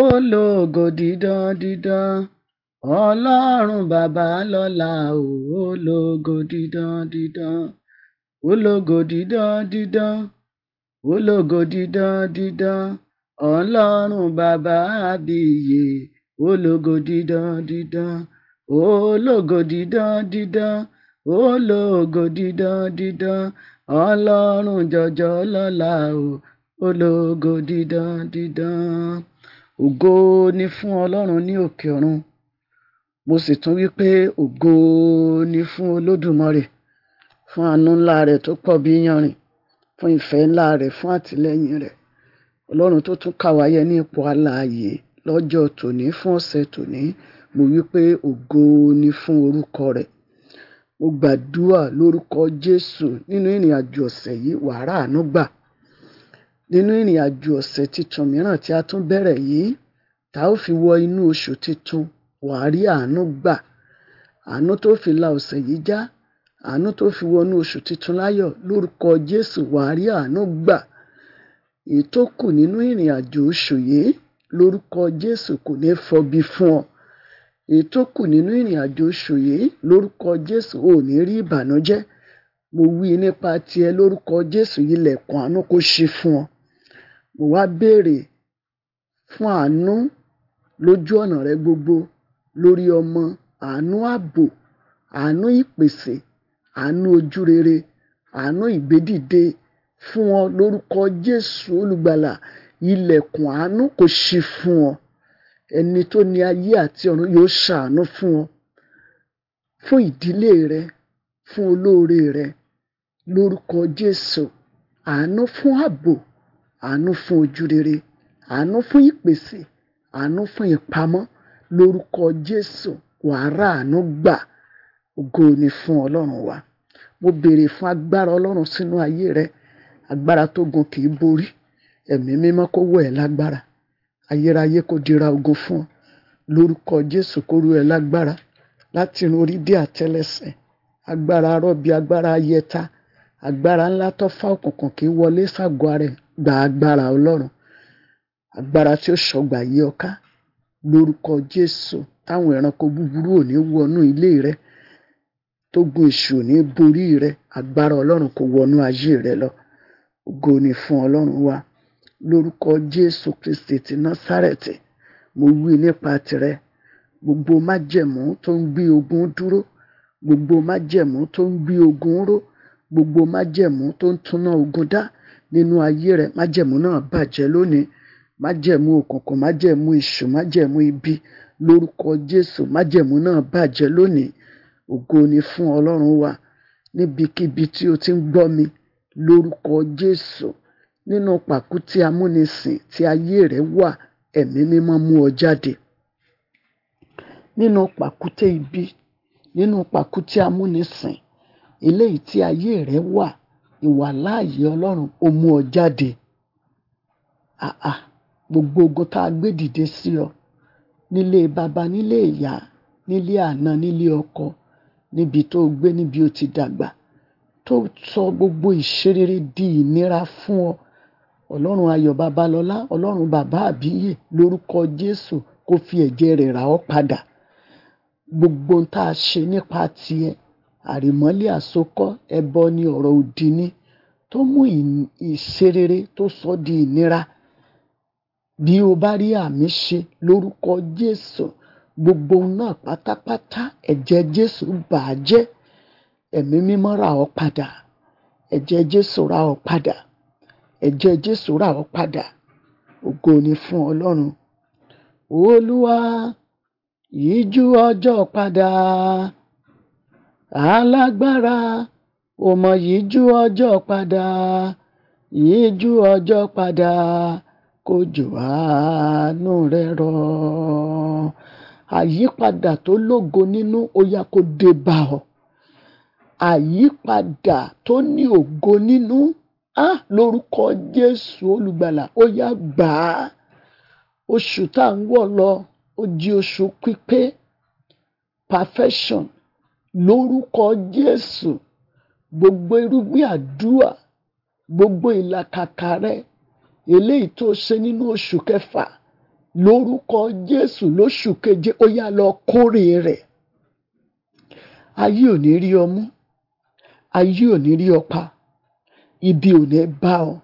ó lógo dídán dídán ọlọ́run bàbá lọ́la o ó lógo dídán dídán ó lógo dídán dídán ó lógo dídán dídán ọlọ́run bàbá àbíyè ó lógo dídán dídán ó lógo dídán dídán ó lógo dídán dídán ọlọ́run jọjọ lọ́la o ológo dídán dídán ògo ni fún ọlọ́run ní òkè ọ̀run mo sì tún wí pé ògo ni fún olódùmarè fún àánú ńlá rẹ̀ tó pọ̀ bí yanrìn fún ìfẹ́ ńlá rẹ̀ fún àtìlẹ́yìn rẹ̀ ọlọ́run tó tún kà wá yẹ ní ipò alààyè lọ́jọ́ tòní fún ọ̀sẹ̀ tòní mo wí pé ògo ni fún orúkọ rẹ̀ mo gbàdúrà lórúkọ jésù nínú ìrìn àjò ọ̀sẹ̀ yìí wàá rà àánú gbà nínú ìrìnàjò ọ̀sẹ̀ titun mìíràn tí a tún bẹ̀rẹ̀ yìí tá ó fi wọ inú oṣù titun wàá àánú gbà àánú tó fi la ọ̀sẹ̀ yìí já àánú tó fi wọnú oṣù titun láyọ̀ lórúkọ Jésù wàá rí àánú gbà èyí tó kù nínú ìrìn àjò oṣù yìí lórúkọ Jésù kò ní fọbi fún ọ èyí tó kù nínú ìrìn àjò oṣù yìí lórúkọ Jésù ò ní rí ìbànújẹ́ mo wí nípa tiẹ̀ lórúkọ Jésù ilẹ̀kùn àánú kó ṣí fún ọ mo wá béèrè fún àánú lójú ọ̀nà rẹ gbogbo lórí ọmọ àánú ààbò àánú ìpèsè àánú ojú rere àánú ìgbédìde fún ọ lórúkọ Jésù olùgbàlà ilẹ̀kùn àánú kò ṣí fún ọ ẹni tó ní ayé àti ọ̀run yóò ṣàánú fún ọ fún ìdílé rẹ fún olóore rẹ lórúkọ Jésù àánú fún ààbò àánú fún ojú rere àánú fún ìpèsè àánú fún ìpamọ́ lórúkọ Jésù wàá rà àánú gbà ògo ni fún Ọlọ́run wa mo béèrè fún agbára Ọlọ́run sínú ayé rẹ agbára tó gun kì í borí ẹ̀mí mímọ́ kó wọ̀ ẹ́ lágbára ayérayé kó dira ogun fún ọ lórúkọ Jésù kó ru ẹ lágbára láti irun orí dé àtẹ́lẹsẹ̀ agbára arọbí agbára ayẹta agbára ńlá tó fá òkùnkùn kì í wọlé ságọ́ ara ẹ̀ gba agbára ọlọ́run agbára tí ó ṣọgbà yí ọ ká lórúkọ jésù táwọn ẹranko búburú ò ní wọnú ilé rẹ tógun èṣù ò ní borí rẹ agbára ọlọ́run kò wọnú ayé rẹ lọ ògo ni fún ọlọ́run wa lórúkọ jésù kristi ti násàrẹ̀tì mo wí nípa tìrẹ gbogbo májẹ̀mú tó ń gbé ogun dúró gbogbo májẹ̀mú tó ń gbé ogun ró gbogbo májẹ̀mú tó ń túná ogun dá nínú ayé rẹ májẹ̀mú náà bàjẹ́ lónìí májẹ̀mú òkùnkùn májẹ̀mú ìṣù májẹ̀mú ibi lórúkọ Jésù májẹ̀mú náà bàjẹ́ lónìí ògo ni fún Ọlọ́run wa níbikíbi tí o ti ń gbọ́ mi lórúkọ Jésù nínú pàkúté amúnisìn tí ayé rẹ wà ẹ̀mí mímọ́ mú ọ jáde nínú pàkúté ibi nínú pàkúté amúnisìn eléyìí tí ayé rẹ wà ìwà láàyè ọlọ́run ó mú ọ jáde gbogbo ogun tá a gbé dìde sí ọ nílé baba nílé ìyá nílé àna nílé ọkọ níbi tó gbé níbi ó ti dàgbà tó sọ gbogbo ìṣerere di ìnira fún ọ ọlọ́run ayọ̀ babalọ́lá ọlọ́run bàbá àbíyè lórúkọ jésù kó fi ẹ̀jẹ̀ rẹ̀ rà ọ́ padà gbogbo ohun tá a ṣe nípa tiẹ̀ àrèmọ́lẹ̀ àsokọ́ ẹbọ ni ọ̀rọ̀ òdì ni tó mú ìṣerere tó sọ di ìnira bí o bá rí àmì ṣe lórúkọ Jésù gbogbo náà pátápátá ẹ̀jẹ̀ Jésù bà á jẹ́ ẹ̀mí mímọ́ rà ọ́ padà ẹ̀jẹ̀ Jésù rà ọ́ padà ẹ̀jẹ̀ Jésù rà ọ́ padà ògo ni fún Ọlọ́run Olúwa yíjú ọjọ́ padà alágbára ò mọ̀ yíjú ọjọ́ padà yíjú ọjọ́ padà kòjò àánú rẹ̀ rọ̀ àyípadà tó lógo nínú ó yá kó dé bá ọ àyípadà tó ní ògo nínú á lórúkọ Jésù olùgbàlà ó gbà á oṣù tá à ń wọ̀ lọ ó jí oṣù pípé perfection lórúkọ Jésù gbogbo irúgbìn àdúrà gbogbo ìlàkàkà rẹ eléyìí tó ṣe nínú oṣù kẹfà lórúkọ Jésù lóṣù keje ó yá lọ kórè rẹ ayé ò ní rí ọmú ayé ò ní rí ọ̀pá ibi ò ní bá ọ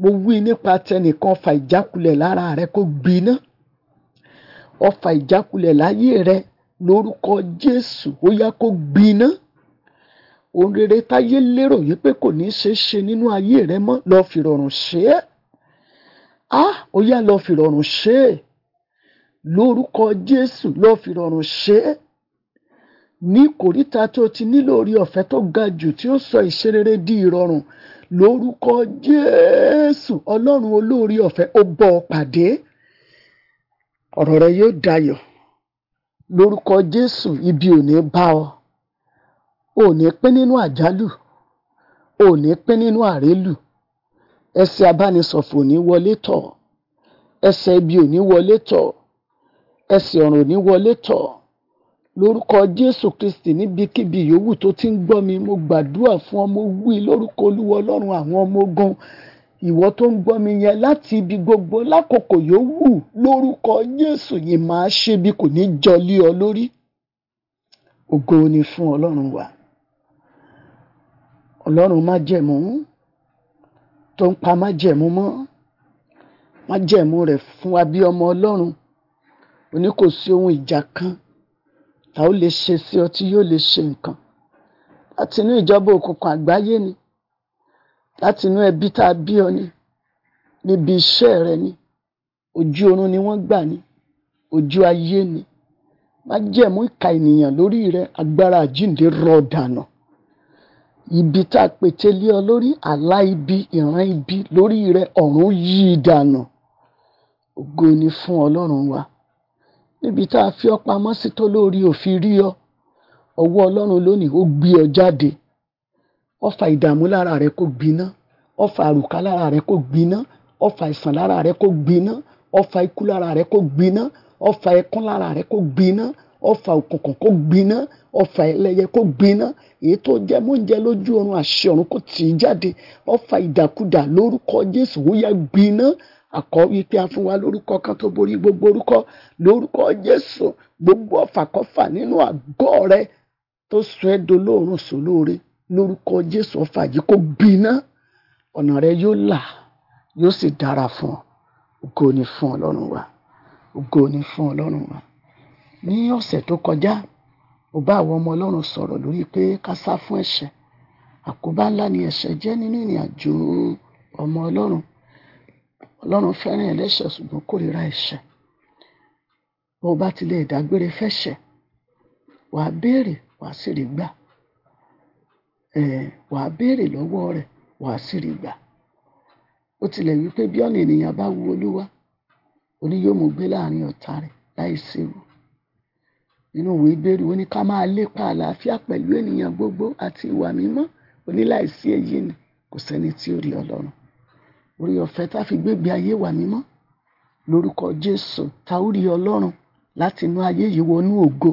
mo wí nípa tẹnìkan ọfà ìjákulẹ̀ lára rẹ kó gbiná ọfà ìjákulẹ̀ láyé rẹ lórúkọ Jésù ó yá kó gbiná ohun rere táyé lérò yìí pé kò ní í ṣe é ṣe nínú ayé rẹ mọ́ lọ fìrọ̀rùn ṣe é á ó yá lọ fìrọ̀rùn ṣe é lórúkọ Jésù lọ fìrọ̀rùn ṣe é ní kòríta tó ti nílò orí ọ̀fẹ́ tó ga jù tí ó sọ ìṣerere di ìrọ̀rùn lórúkọ Jésù Ọlọ́run olóore ọ̀fẹ́ ó bọ́ ọ pàdé ọ̀rọ̀ rẹ yóò dayọ̀ lórúkọ Jésù ibi ò ní bá ọ ò ní pín nínú àjálù ò ní pín nínú àrélù ẹsẹ̀ abánisọ̀fọ̀ ò ní wọlé tọ̀ ẹsẹ̀ ibi ò ní wọlé tọ̀ ẹsẹ̀ ọ̀ràn ò ní wọlé tọ̀ lórúkọ Jésù Kristi níbikíbi yòówù tó ti ń gbọ́ mi mo gbàdúrà fún ọ wí lórúkọ Olúwa Ọlọ́run àwọn ọmọ ogun ìwọ tó ń gbọ́ mi yẹn láti ibi gbogbo lákòókò yòówù lórúkọ Jésù yìí máa ṣe bí kò ní jọlé ọ lórí ògo ni fún Ọlọ́run wa Ọlọ́run májẹ̀mú tó ń pa májẹ̀mú mọ́ májẹ̀mú rẹ̀ fún wa bí ọmọ Ọlọ́run ó kò sí ohun ìjà kan tá ó lè ṣe sí ọ tí yóò lè ṣe nǹkan látinú ìjọba òkùnkùn àgbáyé ni láti inú ẹbí tá a bí ọ ni níbi iṣẹ́ rẹ ni ojú oorun ni wọ́n gbà ni ojú ayé ni má jẹ̀mú ìka ènìyàn lórí rẹ agbára àjíǹde rọ̀ dànù ibi tá a pète lé ọ lórí àlá ibi ìran ibi lórí rẹ ọ̀run yí i dànù ògo ni fún ọlọ́run wa níbi tá a fi ọ pamọ́ sí tó lórí òfin rí ọ ọwọ́ ọlọ́run lónìí ó gbé ọ jáde ọfà ìdààmú lára rẹ kó gbiná ọfà àrùká lára rẹ kó gbiná ọfà ìsàn lára rẹ kó gbiná ọfà ikú lára rẹ kó gbiná ọfà ẹkún lára rẹ kó gbiná ọfà òkùnkùn kó gbiná ọfà ẹlẹ́yẹ kó gbiná èyí tó jẹ mọ́ńjẹ lójú ọ̀run àṣẹ ọ̀run kó tì í jáde ọfà ìdàkudà lórúkọ Jésù ó yá gbiná àkọ́wé pé a fún wa lórúkọ kan tó borí gbogbo orúkọ lórúkọ Jésù gbogbo ọ̀fàkọ́fà nínú àgọ́ rẹ tó sọ ẹ́ dolóorùn sólóore lórúkọ jésù ọfà yìí kó gbiná ọ̀nà rẹ yóò là yóò sì dára fún ọ ògo ni fún ọlọ́run wa ògo ni fún ọlọ́run wa ní ọ̀sẹ̀ tó kọjá mo bá àwọn ọmọ ọlọ́run sọ̀rọ̀ lórí pé ká sá fún ẹ̀ṣẹ̀ àkóbá ńlá ni ẹ̀ṣẹ̀ jẹ́ nínú ìrìn àjò ọmọ ọlọ́run ọlọ́run fẹ́ràn ẹlẹ́ṣẹ̀ ṣùgbọ́n kórìíra ẹ̀ṣẹ̀ bó bá tilẹ̀ ìdágbére fẹ́ṣẹ̀ wàá béèrè wàá sì rí gbà um wàá béèrè lọ́wọ́ rẹ̀ wàá sì rí gbà ó tilẹ̀ wí pé bí ọ̀nà ènìyàn bá wu olúwa ó ní yóò mú gbé láàrin ọ̀tá rẹ̀ láì séwu nínú ìwé ìbéèrè ó ní ká máa lépa àlàáfíà pẹ̀lú ènìyàn gbogbo àti ìwà mímọ́ ó èyí ni kò sẹ́ni tí ó rí ọlọ́run orí ọ̀fẹ́ tá a fi gbégbé ayé ìwà mímọ́ lórúkọ jésù tá ó rí ọlọ́run láti inú ayé yìí wọnú ògo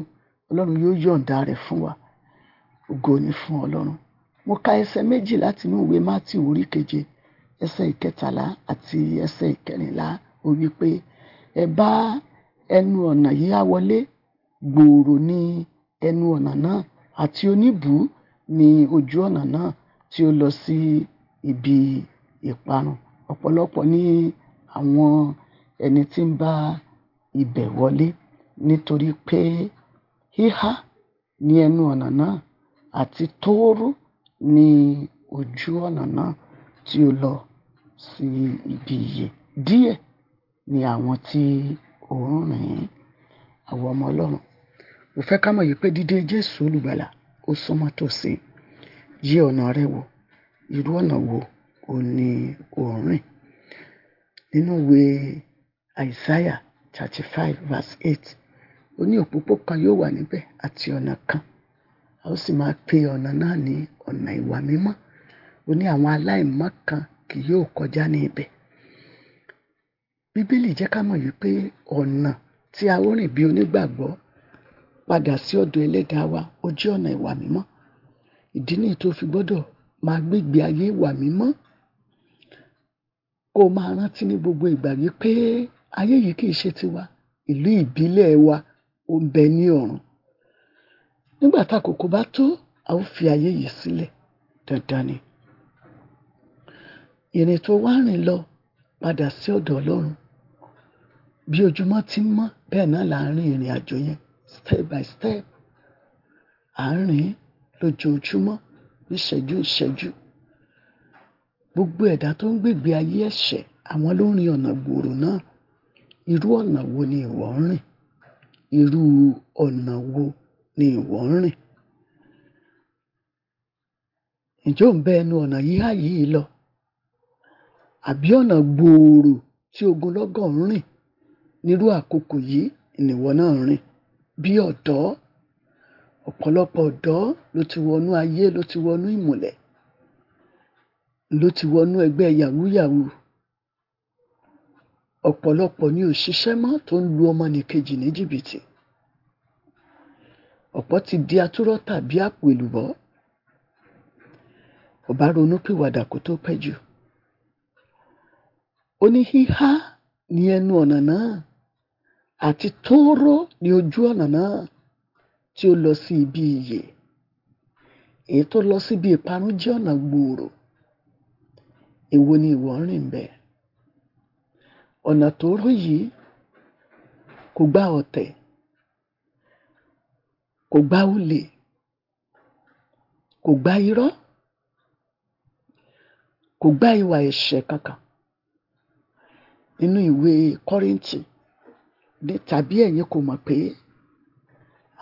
ọlọ́run yóò yọ̀ǹda rẹ̀ fún wa ògo ni fún ọlọ́run Mo ka ẹsẹ̀ méjì láti inú ìwé Matthew orí keje ẹsẹ̀ ìkẹtàlá àti ẹsẹ̀ ìkẹrìnlá ó wí pé ẹ bá ẹnu ọ̀nà yíyá wọlé gbòòrò ní ẹnu ọ̀nà náà àti oníbùú ní ojú ọ̀nà náà tí ó lọ sí ibi ìparun ọ̀pọ̀lọpọ̀ ní àwọn ẹni tí ń bá ibẹ̀ wọlé nítorí pé híhá ní ẹnu ọ̀nà náà àti tóóró ní ojú ọ̀nà náà tí ó lọ sí ibi ìyè. Díẹ̀ ni àwọn tí ó ń rìn. Àwa ọmọ Ọlọ́run, mo fẹ́ ká mọ̀ wípé dídé Jésù Olùgbàlà ó súnmọ́ tòsí. Yí ọ̀nà rẹ wò. Irú ọ̀nà wo òun ní ò rìn? Nínú ìwé Isaiah 35 verse eight, ó ní òpópó kan yóò wà níbẹ̀ àti ọ̀nà kan a ó sì máa pe ọ̀nà náà ní ọ̀nà ìwà mímọ́ ó ní àwọn aláìmọ́ kan kì yóò kọjá ní ibẹ̀ bíbélì jẹ́ ká mọ̀ wípé ọ̀nà tí a ó rìn bí onígbàgbọ́ padà sí ọ̀dọ̀ ẹlẹ́dàá wa ó jẹ́ ọ̀nà ìwà mímọ́ ìdí nìyí tó fi gbọ́dọ̀ máa gbégbé ayé ìwà mímọ́ kó o máa rántí ní gbogbo ìgbà wípé ayé yìí kì í ṣe tiwa ìlú ìbílẹ̀ wa ó ń bẹ ní ọ̀run nígbà tákòókò bá tó a ó fi ayé yìí sílẹ̀ dandan ni ìrìn tó wá rìn lọ padà sí ọ̀dọ̀ Ọlọ́run bí ojúmọ́ ti ń mọ́ bẹ́ẹ̀ náà là ń rin ìrìn àjò yẹn step by step à ń rìn lójoojúmọ́ níṣẹ́jú ìṣẹ́jú gbogbo ẹ̀dá tó ń gbègbè ayé ẹ̀ṣẹ̀ àwọn ló ń rin ọ̀nà gbòòrò náà irú ọ̀nà wo ni ìwọ ń rìn irú ọ̀nà wo ni ìwọ ń rìn ǹjẹ́ ò ń bẹ ẹnu ọ̀nà yíhá yìí lọ àbí ọ̀nà gbòòrò tí ogunlọ́gọ̀ rìn nírú àkókò yìí nìwọ rìn bí ọ̀dọ́ ọ̀pọ̀lọpọ̀ ló ti wọnú ayé ló ti wọnú ìmùlẹ̀ ló ti wọnú ẹgbẹ́ yahoo yahoo ọpọlọpọ ni ò ṣiṣẹ́ tó ń lu ọmọnìkejì ní jìbìtì ọ̀pọ̀ ti di atúrọ̀ tàbí àpò èlùbọ́ kò bá ronú pìwàdà kó tó pẹ́ jù ó ní híhá ní ẹnu ọ̀nà náà àti tóóró ní ojú ọ̀nà náà tí ó lọ sí ibi ìyè èyí tó lọ síbi ìparun jẹ́ ọ̀nà gbòòrò èwo ni ìwọ ń rìn bẹ́ẹ̀ ọ̀nà tóóró yìí kò gba ọ̀tẹ̀ kò gba olè kò gba irọ́ kò gba ìwà ẹ̀ṣẹ̀ kankan nínú ìwé Kọ́ríńtì ní tàbí ẹ̀yin kò mọ̀ pé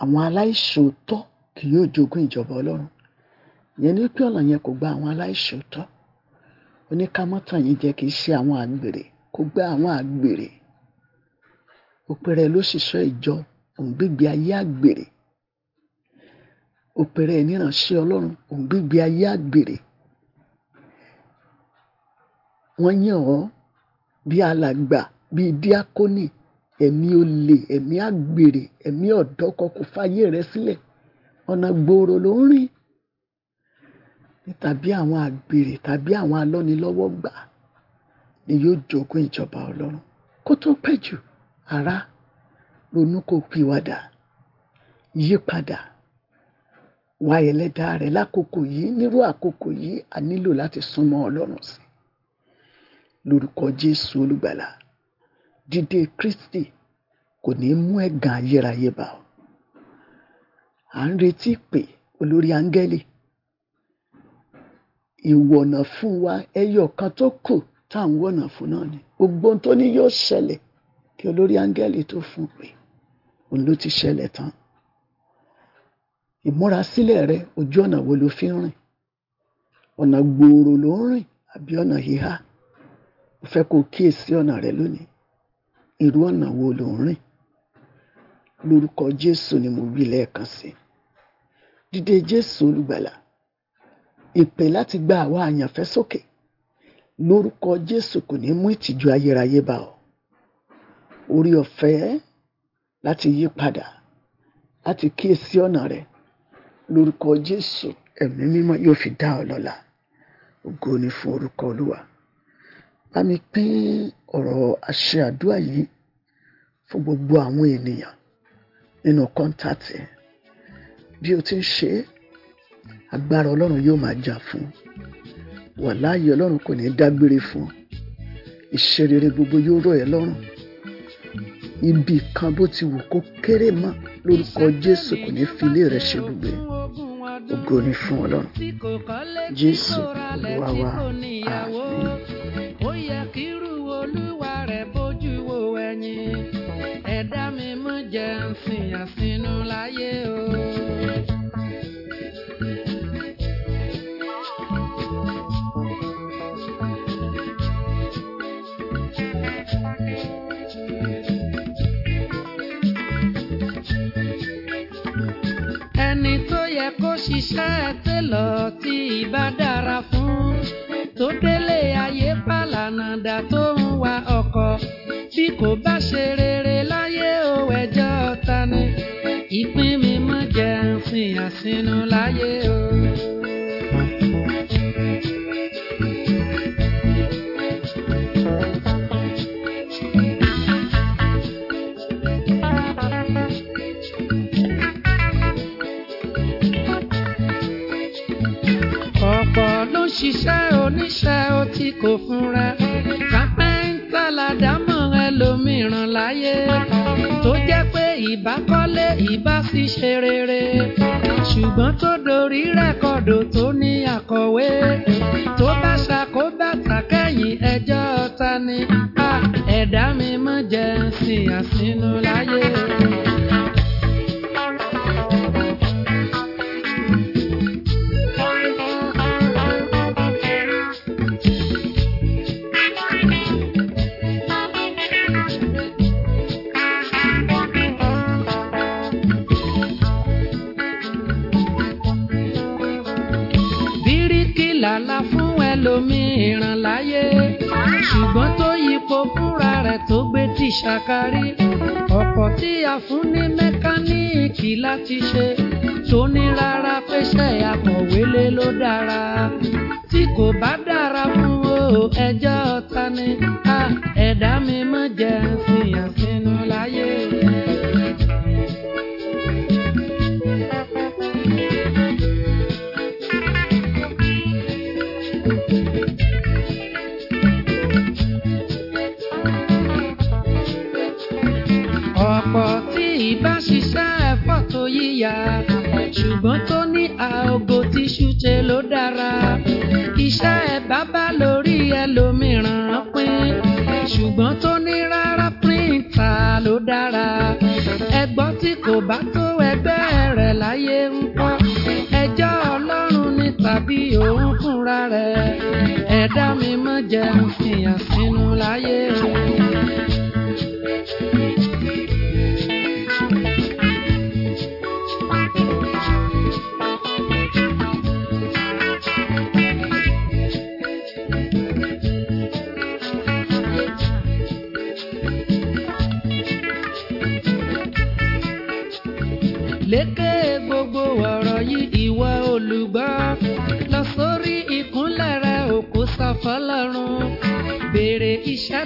àwọn aláìṣòótọ́ kì yóò jogún ìjọba Ọlọ́run ìyẹn ni pé ọ̀nà yẹn kò gba àwọn aláìṣòótọ́ ó ní ká má tàn yín jẹ kì í ṣe àwọn àgbèrè kò gba àwọn àgbèrè òpèrẹ lóṣìṣẹ́ ìjọ òun ayé àgbèrè òpèrè ìníranṣẹ́ ọlọ́run òun gbígbé ayé àgbèrè wọ́n yàn ọ́ bí alàgbà bí díákónì ẹ̀mí olè ẹ̀mí àgbèrè ẹ̀mí ọ̀dọ́kọ kò fàyè rẹ sílẹ̀ ọ̀nà gbòòrò ló ń rìn tàbí àwọn àgbèrè tàbí àwọn alọ́nilọ́wọ́ gbà ni yóò jogún ìjọba ọlọ́run kó tó pẹ́ jù ará ronú kó pìwàdà yípadà wá ẹlẹ́dàá rẹ̀ lákòókò yìí nírú àkókò yìí a nílò láti súnmọ́ ọlọ́run sí lórúkọ jésù olùgbàlà dídé kristi kò ní mú ẹ̀gàn ayérayé bá ọ à ń retí pé olórí áńgẹ́lì ìwọ̀nà fún wa ẹyọ kan tó kù tá à ń wọ̀nà fún náà ni gbogbo ohun tó ní yóò ṣẹlẹ̀ kí olórí áńgẹ́lì tó fún pé òun ló ti ṣẹlẹ̀ tán sílẹ̀ rẹ ojú ọ̀nà wo ló fi ń rìn ọ̀nà gbòòrò ló ń rìn àbí ọ̀nà híhá mo fẹ́ kó o sí ọ̀nà rẹ lónìí irú ọ̀nà wo ló ń rìn lórúkọ jésù ni mo wí lẹ́ẹ̀kan sí dídé jésù olùgbàlà ìpè láti gba àwa àyànfẹ́ sókè lórúkọ jésù kò ní mú ìtìjú ayérayé bá ọ orí ọ̀fẹ́ láti yí padà láti rẹ lórúkọ jésù ẹ̀mí mímọ́ yóò fi dá ọ lọ́lá ògo ni fún orúkọ olúwa bá mi pín ọ̀rọ̀ àṣẹ àdúrà yìí fún gbogbo àwọn ènìyàn nínú kọ́ńtàtì bí o ti ń ṣe agbára ọlọ́run yóò máa jà fún wàláàyè ọlọ́run kò ní í dágbére fún iṣẹ́ rere gbogbo yóò rọ̀ ẹ́ lọ́rùn ibi kan bó ti wù kó kéré mọ́ lórúkọ jésù kò ní fi ilé rẹ ṣe gbogbo ògo ni fún ọlọ́run jésù olúwa wa àmín. iṣẹ́ télọ̀ tí ìbá dára fún tó délé ayé pàlànà dà tó ń wa ọkọ̀ bí kò bá. kò fúnra kápẹ́ńtà làdámọ̀ ẹlòmíràn láyé tó jẹ́ pé ìbá kọ́lé ìbá sì ṣe rere ṣùgbọ́n tó dorí rẹ́kọ̀dù tó ní àkọ̀wé tó bá ṣàkóbá tàkẹ́yìn ẹjọ́ ta ni ẹ̀dá mi mọ̀ jẹ́ sìn àsínú láyé. àgbàlá fún ẹlòmíràn láyé ṣùgbọ́n tó yípo fúnra rẹ̀ tó gbé ti ṣàkárí ọkọ̀ tí a fún ní mẹ́káníìkì láti ṣe tó ní rárá pẹ́ṣẹ́ akọ̀wélé ló dára tí kò bá dára fún o ẹjọ́ ọ̀tá ni ẹ̀dá mi mọ̀ jẹ́ fìyàn sínú láyé. níyà ṣùgbọ́n tó ní àògò tí ṣùṣe ló dára iṣẹ́ ẹ̀ bábà lórí ẹlòmíràn pín ṣùgbọ́n tó ní rárá píríǹtà ló dára ẹgbọ́ tí kò bá tó ẹgbẹ́ rẹ̀ láyé ń kọ́ ẹjọ́ ọlọ́run ni tàbí òun fúnra rẹ̀ ẹ̀dá mi mọ́ jẹun.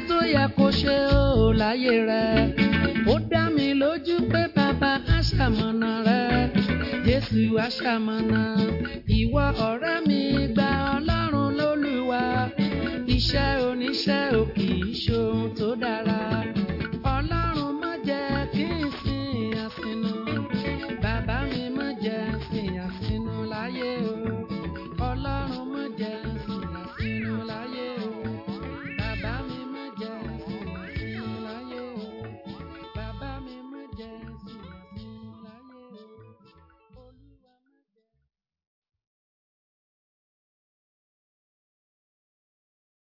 tó yẹ kó ṣe ó láyé rẹ ó dá mi lójú pé bàbá aṣàmọ̀nà rẹ Jésù aṣàmọ̀nà ìwọ ọ̀rẹ́ mi gba Ọlọ́run lólùwà iṣẹ́ oníṣẹ́ ò kì